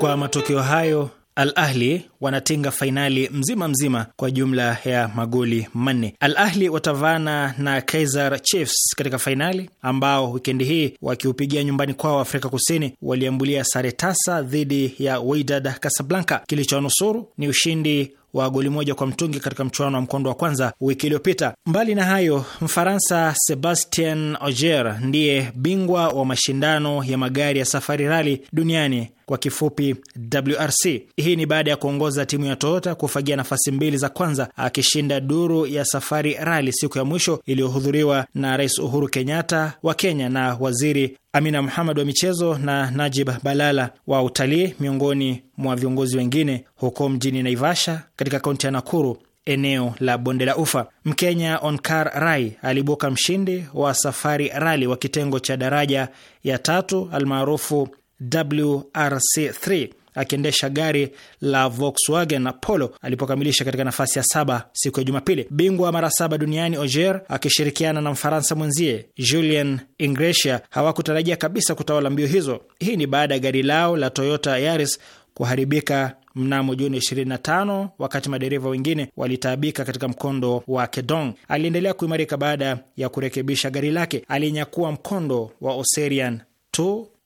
Kwa matokeo hayo Al Ahli wanatinga fainali mzima mzima kwa jumla ya magoli manne. Al Ahli watavana na kaisar Chiefs katika fainali, ambao wikendi hii wakiupigia nyumbani kwao Afrika Kusini waliambulia sare tasa dhidi ya Wydad Casablanca. Kilichonusuru ni ushindi wa goli moja kwa mtungi katika mchuano wa mkondo wa kwanza wiki iliyopita. Mbali na hayo, Mfaransa Sebastien Ogier ndiye bingwa wa mashindano ya magari ya safari rali duniani kwa kifupi WRC. Hii ni baada ya kuongoza timu ya Toyota kufagia nafasi mbili za kwanza, akishinda duru ya Safari Rali siku ya mwisho iliyohudhuriwa na Rais Uhuru Kenyatta wa Kenya na Waziri Amina Muhammad wa michezo na Najib Balala wa utalii, miongoni mwa viongozi wengine, huko mjini Naivasha katika kaunti ya Nakuru eneo la bonde la Ufa. Mkenya Onkar Rai aliibuka mshindi wa Safari Rali wa kitengo cha daraja ya tatu almaarufu WRC3 akiendesha gari la Volkswagen Polo alipokamilisha katika nafasi ya saba siku ya Jumapili. Bingwa wa mara saba duniani Ogier akishirikiana na Mfaransa mwenzie Julien Ingresia hawakutarajia kabisa kutawala mbio hizo. Hii ni baada ya gari lao la Toyota Yaris kuharibika mnamo Juni 25 wakati madereva wengine walitaabika katika mkondo wa Kedong. Aliendelea kuimarika baada ya kurekebisha gari lake, alinyakua mkondo wa Oserian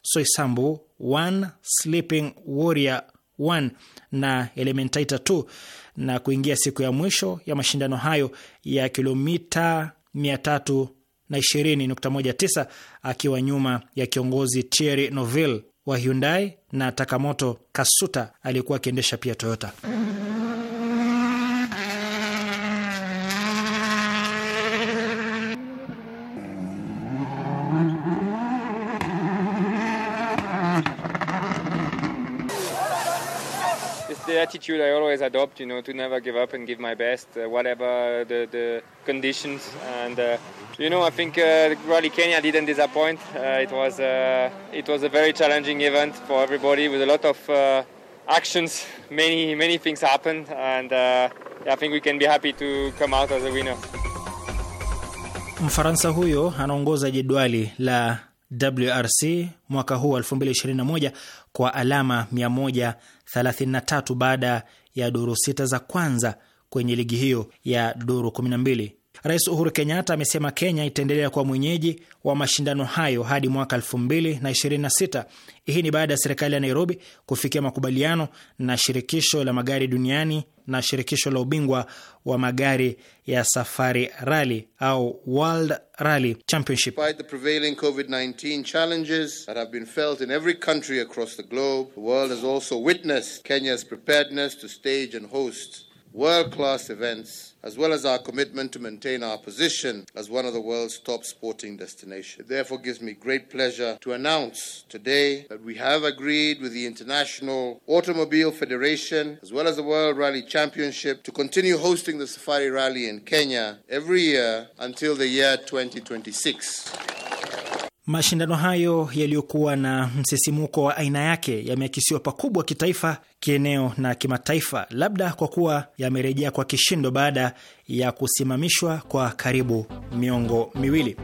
Soisambu 1, Sleeping Warrior 1 na Elementaita 2 na kuingia siku ya mwisho ya mashindano hayo ya kilomita 320.19 akiwa nyuma ya kiongozi Thierry Neuville wa Hyundai na Takamoto Kasuta aliyekuwa akiendesha pia Toyota. attitude I always adopt, you know, to never give up and give my best, uh, whatever the, the conditions. And uh, you know, I think uh, Rally Kenya didn't disappoint. Uh, it was uh, it was a very challenging event for everybody with a lot of uh, actions. Many many things happened, and uh, I think we can be happy to come out as a winner. Mfaransa huyo anaongoza jedwali la WRC mwaka huu 2021 kwa alama 33 baada ya duru sita za kwanza kwenye ligi hiyo ya duru Rais Uhuru Kenyatta amesema Kenya itaendelea kuwa mwenyeji wa mashindano hayo hadi mwaka 2026. Hii ni baada ya serikali ya Nairobi kufikia makubaliano na shirikisho la magari duniani na shirikisho la ubingwa wa magari ya safari rally au World Rally Championship. Despite the prevailing COVID-19 challenges that have been felt in every country across the globe, the world has also witnessed Kenya's preparedness to stage and host world class events, as well as our commitment to maintain our position as one of the world's top sporting destinations. It therefore gives me great pleasure to announce today that we have agreed with the International Automobile Federation, as well as the World Rally Championship, to continue hosting the Safari Rally in Kenya every year until the year 2026. Mashindano hayo yaliyokuwa na msisimuko wa aina yake yameakisiwa pakubwa kitaifa, kieneo na kimataifa, labda kwa kuwa yamerejea kwa kishindo baada ya kusimamishwa kwa karibu miongo miwili.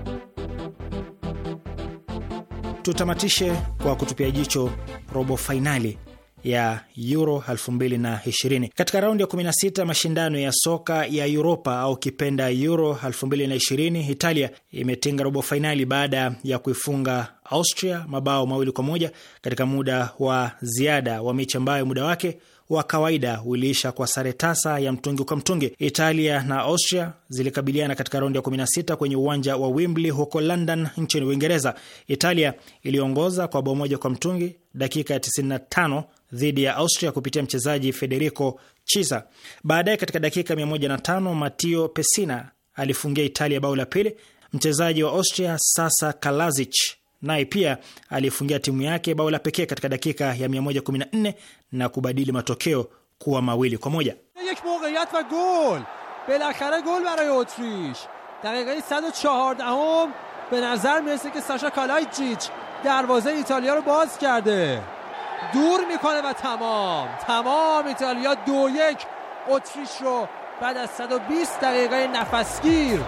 Tutamatishe kwa kutupia jicho robo fainali ya Euro 2020. Katika raundi ya 16 mashindano ya soka ya Uropa au kipenda Euro 2020, Italia imetinga robo fainali baada ya kuifunga Austria mabao mawili kwa moja katika muda wa ziada wa mechi ambayo muda wake wa kawaida uliisha kwa sare tasa ya mtungi kwa mtungi. Italia na Austria zilikabiliana katika raundi ya 16 kwenye uwanja wa Wembley huko London nchini Uingereza. Italia iliongoza kwa bao moja kwa mtungi dakika ya 95 dhidi ya Austria kupitia mchezaji Federico Chiesa. Baadaye katika dakika 105 Matteo Pessina alifungia Italia bao la pili. Mchezaji wa Austria sasa Kalasic نایپیر علی فنگی تیمش را یک به صفر در دقیقه 114 نا کوبادیل توکیو کووا ماویلی کوماوا یک موقعیت و گل بالاخره گل برای اتریش دقیقه 114 به نظر میرسه که ساشا کالایجیچ دروازه ایتالیا رو باز کرده دور میکنه و تمام تمام ایتالیا دو 1 اتریش رو بعد از 120 دقیقه نفسگیر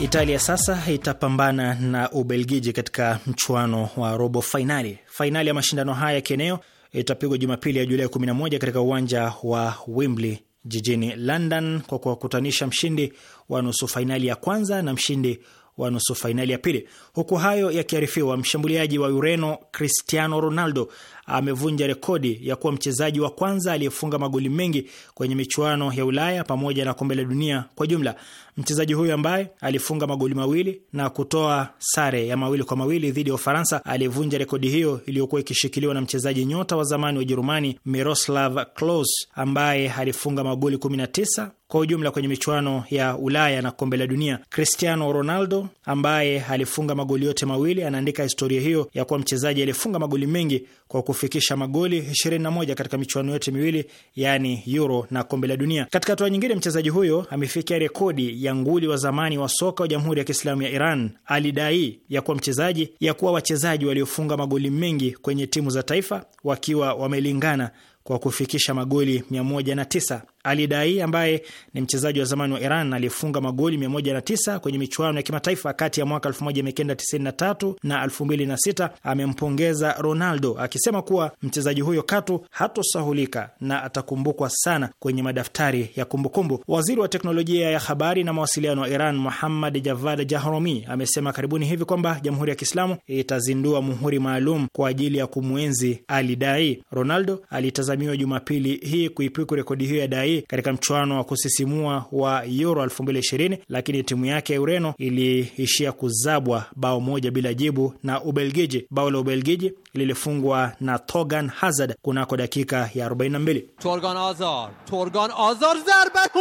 Italia sasa itapambana na Ubelgiji katika mchuano wa robo fainali. Fainali ya mashindano haya ya kieneo itapigwa Jumapili ya Julai 11 katika uwanja wa Wembley jijini London, kwa kuwakutanisha mshindi wa nusu fainali ya kwanza na mshindi wa nusu fainali ya pili. Huku hayo yakiarifiwa, mshambuliaji wa Ureno Cristiano Ronaldo amevunja rekodi ya kuwa mchezaji wa kwanza aliyefunga magoli mengi kwenye michuano ya Ulaya pamoja na kombe la dunia kwa jumla. Mchezaji huyo ambaye alifunga magoli mawili na kutoa sare ya mawili kwa mawili dhidi ya Ufaransa aliyevunja rekodi hiyo iliyokuwa ikishikiliwa na mchezaji nyota wa zamani wa Ujerumani Miroslav Klose ambaye alifunga magoli 19 kwa ujumla kwenye michuano ya Ulaya na kombe la dunia. Cristiano Ronaldo ambaye alifunga magoli yote mawili anaandika historia hiyo ya kuwa mchezaji aliyefunga magoli mengi kwa kufikisha magoli 21 katika michuano yote miwili yaani Euro na kombe la dunia. Katika hatua nyingine, mchezaji huyo amefikia rekodi ya nguli wa zamani wa soka wa Jamhuri ya Kiislamu ya Iran Ali Dai ya kuwa mchezaji ya kuwa wachezaji waliofunga magoli mengi kwenye timu za taifa wakiwa wamelingana kwa kufikisha magoli 109. Ali Dai ambaye ni mchezaji wa zamani wa Iran aliyefunga magoli 109 kwenye michuano ya kimataifa kati ya mwaka 1993 na 2006 amempongeza Ronaldo akisema kuwa mchezaji huyo katu hatosahulika na atakumbukwa sana kwenye madaftari ya kumbukumbu. Waziri wa teknolojia ya habari na mawasiliano wa Iran Muhammad Javad Jahromi amesema karibuni hivi kwamba Jamhuri ya Kiislamu itazindua muhuri maalum kwa ajili ya kumwenzi Ali Dai. Ronaldo alitazamiwa Jumapili hii kuipiku rekodi hiyo ya Dai hii katika mchuano wa kusisimua wa Euro 2020 lakini timu yake ya Ureno iliishia kuzabwa bao moja bila jibu na Ubelgiji. Bao la Ubelgiji lilifungwa na togan Hazard kunako dakika ya 42. Torgan Azar, Torgan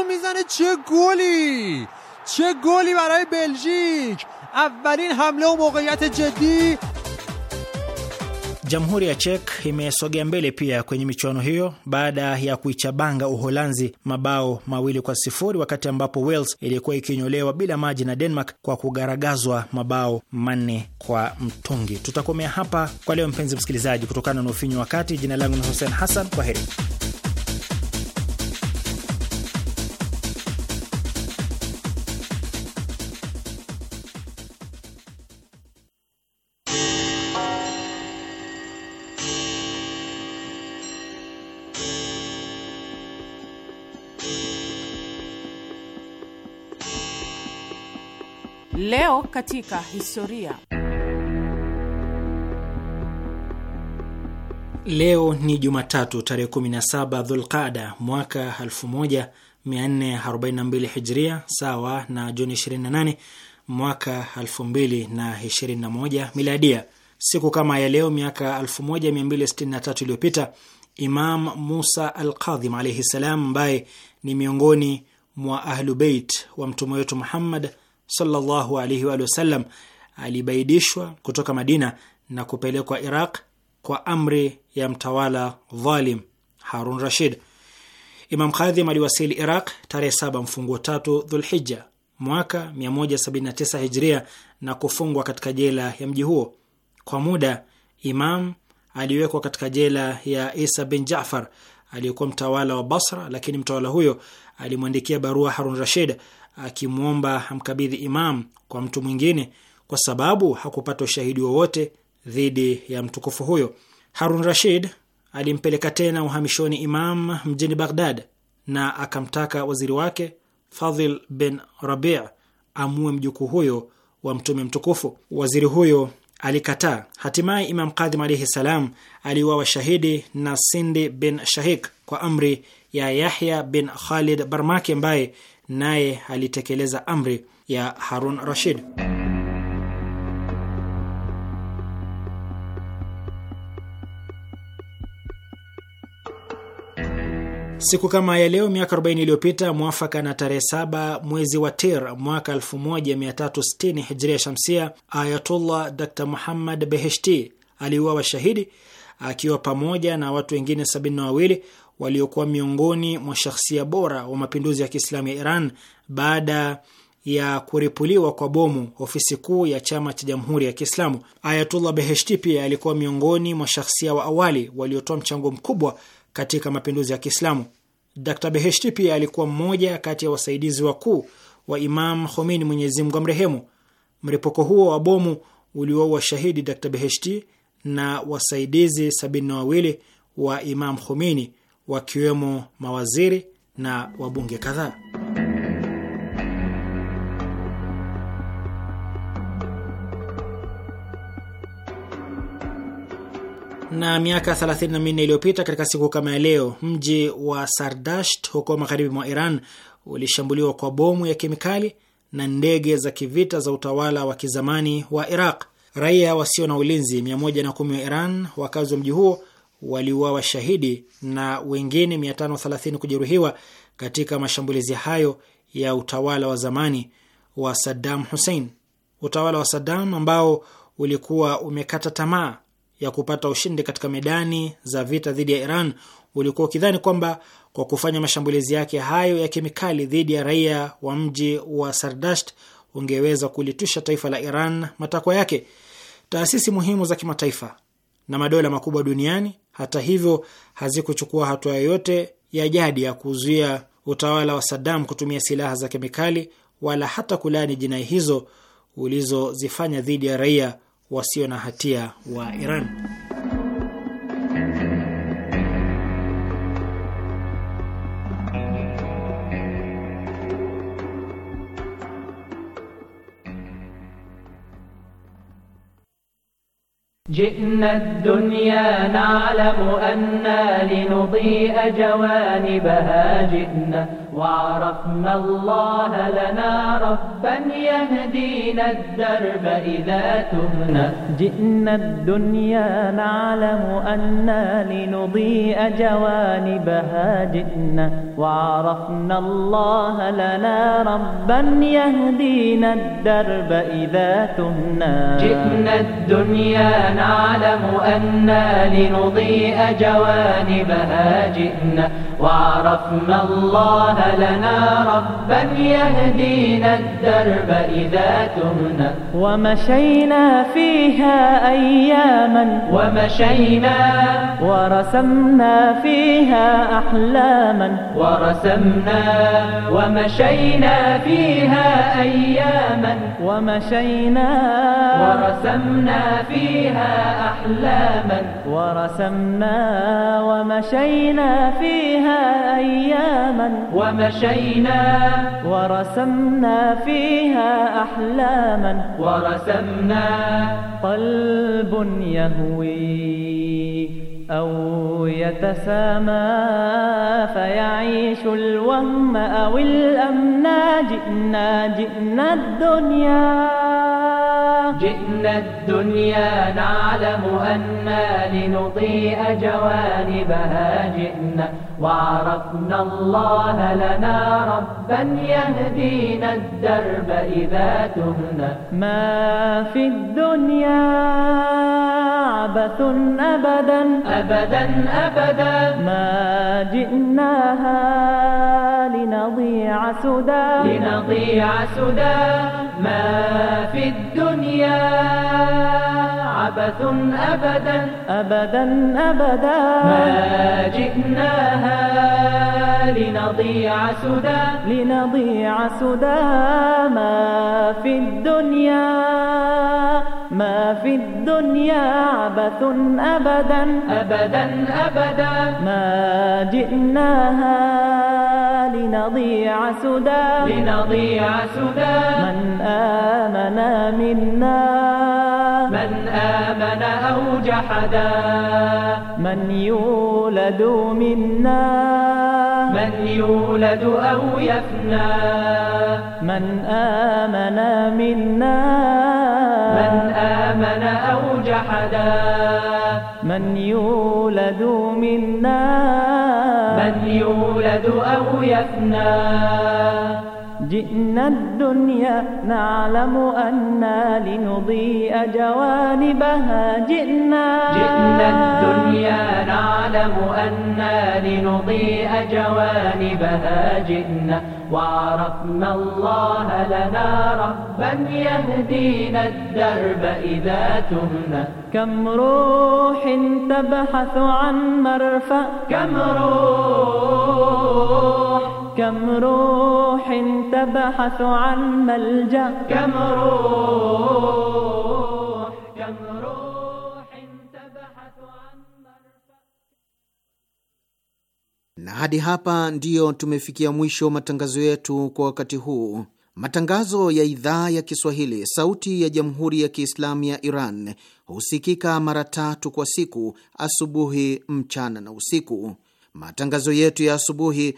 mizane, che goli che goli baraye Beljik, avvalin hamle u moqiyat jiddi Jamhuri ya chek imesogea mbele pia kwenye michuano hiyo baada ya kuichabanga Uholanzi mabao mawili kwa sifuri wakati ambapo Wales ilikuwa ikinyolewa bila maji na Denmark kwa kugaragazwa mabao manne kwa mtungi. Tutakomea hapa kwa leo, mpenzi msikilizaji, kutokana na ufinyu wakati. Jina langu ni Hussein Hassan, kwa heri. katika historia. Leo ni Jumatatu tarehe 17 Dhulqada mwaka 1442 Hijria, sawa na Juni 28 mwaka 2021 Miladia. Siku kama ya leo miaka 1263 iliyopita Imam Musa al qadhim alaihi ssalam, ambaye ni miongoni mwa Ahlubeit wa mtume wetu Muhammad sallallahu alaihi wa sallam alibaidishwa kutoka Madina na kupelekwa Iraq kwa amri ya mtawala dhalim Harun Rashid. Imam Khadhim aliwasili Iraq tarehe saba mfungo tatu Dhulhija mwaka 179 Hijria na kufungwa katika jela ya mji huo. Kwa muda, Imam aliwekwa katika jela ya Isa bin Jafar aliyekuwa mtawala wa Basra, lakini mtawala huyo alimwandikia barua Harun Rashid akimwomba amkabidhi Imam kwa mtu mwingine kwa sababu hakupata ushahidi wowote dhidi ya mtukufu huyo. Harun Rashid alimpeleka tena uhamishoni Imam mjini Baghdad na akamtaka waziri wake Fadhil bin Rabi amue mjukuu huyo wa mtume mtukufu. Waziri huyo alikataa. Hatimaye Imam Kadhim alaihi salam aliuawa shahidi na Sindi bin Shahik kwa amri ya Yahya bin Khalid Barmaki ambaye naye alitekeleza amri ya Harun Rashid. Siku kama ya leo miaka 40 iliyopita mwafaka na tarehe 7 mwezi wa Tir mwaka 1360 hijria shamsia, Ayatullah Dr Muhammad Beheshti aliuawa shahidi akiwa pamoja na watu wengine wawili waliokuwa miongoni mwa shahsia bora wa mapinduzi ya Kiislamu ya Iran baada ya kuripuliwa kwa bomu ofisi kuu ya chama cha Jamhuri ya Kiislamu. Ayatullah Beheshti pia alikuwa miongoni mwa shahsia wa awali waliotoa mchango mkubwa katika mapinduzi ya Kiislamu. Dr. Beheshti pia alikuwa mmoja kati ya wasaidizi wakuu wa Imam Khomeini, Mwenyezi Mungu amrehemu. mripuko huo wa bomu ulioua shahidi Dr. Beheshti na wasaidizi sabini na wawili wa Imam Khomeini wakiwemo mawaziri na wabunge kadhaa. Na miaka 34 iliyopita katika siku kama ya leo, mji wa Sardasht huko magharibi mwa Iran ulishambuliwa kwa bomu ya kemikali na ndege za kivita za utawala wa kizamani wa Iraq. Raia wasio na ulinzi 110 wa Iran, wakazi wa mji huo waliuawa shahidi na wengine 530 kujeruhiwa katika mashambulizi hayo ya utawala wa zamani wa Saddam Hussein. Utawala wa Saddam ambao ulikuwa umekata tamaa ya kupata ushindi katika medani za vita dhidi ya Iran ulikuwa ukidhani kwamba kwa kufanya mashambulizi yake hayo ya kemikali dhidi ya raia wa mji wa Sardasht ungeweza kulitusha taifa la Iran matakwa yake. Taasisi muhimu za kimataifa na madola makubwa duniani hata hivyo, hazikuchukua hatua yoyote ya jadi ya kuzuia utawala wa Saddam kutumia silaha za kemikali wala hata kulaani jinai hizo ulizozifanya dhidi ya raia wasio na hatia wa Iran. جئنا الدنيا نعلم أنا لنضيء جوانبها جئنا وعرفنا الله لنا ربا يهدينا الدرب إذا تهنا جئنا الدنيا نعلم أنا لنضيء جوانبها جئنا وعرفنا الله لنا ربا يهدينا الدرب إذا تهنا جئنا الدنيا نعلم أنا لنضيء جوانبها جئنا وعرفنا الله لنا ربا يهدينا الدرب إذا تهنا ومشينا فيها أياما ومشينا ورسمنا فيها أحلاما ورسمنا ومشينا فيها أياما ومشينا ورسمنا فيها أحلاما ورسمنا ومشينا فيها أياما ومشينا ورسمنا فيها أحلاما ورسمنا قلب يهوي أو يتسامى فيعيش الوهم أو الأمنا جئنا جئنا الدنيا جئنا الدنيا نعلم أنا لنضيء جوانبها جئنا وعرفنا الله لنا ربا يهدينا الدرب إذا تهنا ما في الدنيا عبث أبدا أبدا أبدا ما جئناها لنضيع سدى لنضيع سدى ما في الدنيا عبث أبدا أبدا أبدا ما جئناها لنضيع سدى لنضيع سدى ما في الدنيا ما في الدنيا عبث أبدا أبدا أبدا ما جئناها لنضيع سدى لنضيع سدى من آمن منا من آمن أو جحدا من يولد منا من يولد أو يفنى من آمن منا من آمن آمن أو جحدا من يولد منا من يولد أو يفنى جئنا الدنيا نعلم أنا لنضيء جوانبها جئنا جئنا الدنيا نعلم أنا لنضيء جوانبها جئنا وعرفنا الله لنا ربا يهدينا الدرب إذا تهنا كم روح تبحث عن مرفأ كم روح كم روح تبحث عن ملجا كم روح كم روح Na hadi hapa ndiyo tumefikia mwisho matangazo yetu kwa wakati huu. Matangazo ya idhaa ya Kiswahili sauti ya Jamhuri ya Kiislamu ya Iran husikika mara tatu kwa siku: asubuhi, mchana na usiku. Matangazo yetu ya asubuhi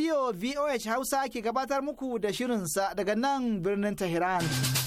radio VOH hausa ke gabatar muku da shirinsa daga nan birnin tehran.